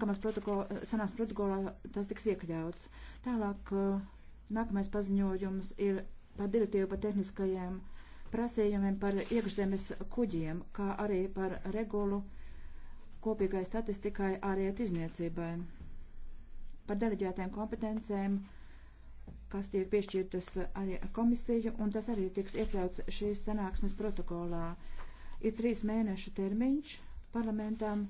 Nākamās protokola, sanās protokolā tas tiks iekļauts. Tālāk uh, nākamais paziņojums ir par direktīvu par tehniskajiem prasījumiem par iekšzemes kuģiem, kā arī par regulu kopīgai statistikai āriet izniecībai. Par deleģētēm kompetencēm, kas tiek piešķirtas arī ar komisiju, un tas arī tiks iekļauts šīs sanāksmes protokolā. Ir trīs mēnešu termiņš parlamentam.